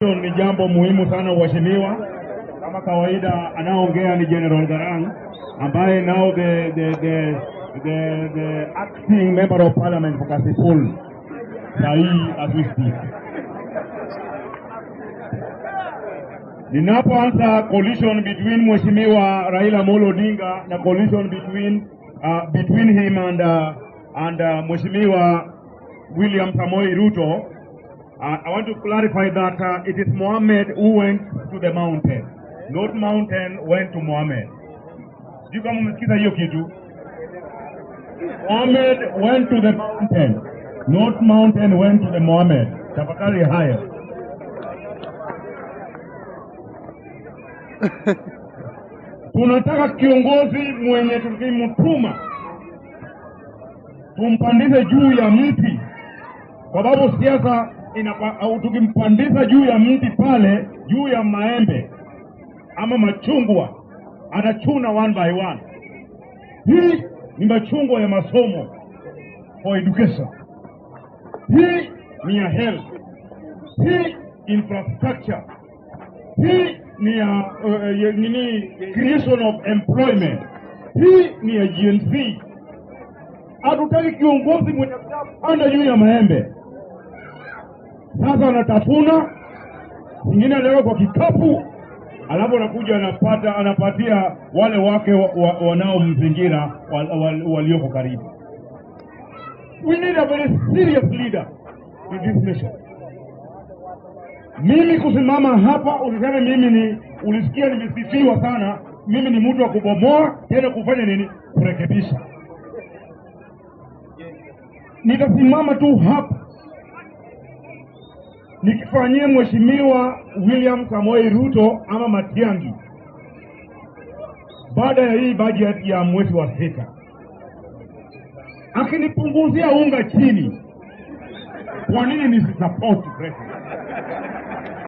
Hilo Ni jambo muhimu sana uheshimiwa. Kama kawaida, anaongea ni General Garang ambaye nao the, the, the, the, the acting member of parliament for Kasipul sahii as we speak. Ninapoanza collision between Mheshimiwa Raila Amolo Odinga na collision between, uh, between him and, uh, and uh, Mheshimiwa William Samoei Ruto Uh, I want to clarify that uh, it is Muhammad who went to the mountain, not mountain went to Muhammad. Sijui kama umesikiza hiyo kitu. Muhammad went to the mountain, not mountain went to the Muhammad. Tafakari hayo. Tunataka kiongozi mwenye tukimtuma tumpandishe juu ya mti, kwa sababu siasa tukimpandiza juu ya mti pale juu ya maembe ama machungwa atachuna one by one. Hii ni machungwa ya masomo for education, hii ni ya health, hii infrastructure, hii ni ya eh, eh, nini, creation of employment, hii ni ya GNC. Hatutaki kiongozi mwenye kupanda juu ya maembe sasa anatafuna zingine, anaweka kwa kikapu, alafu anakuja anapata, anapatia wale wake wanaomzingira wa, wa, wa, walioko karibu. We need a very serious leader in this nation. Mimi kusimama hapa usiseme mimi ni ulisikia nimesifiwa sana. Mimi ni mtu wa kubomoa tena kufanya nini, kurekebisha. Nitasimama tu hapa nikifanyia Mheshimiwa William Samoei Ruto ama Matiang'i baada ya hii budget ya mwezi wa sita, akinipunguzia unga chini, kwa nini nisisapoti president?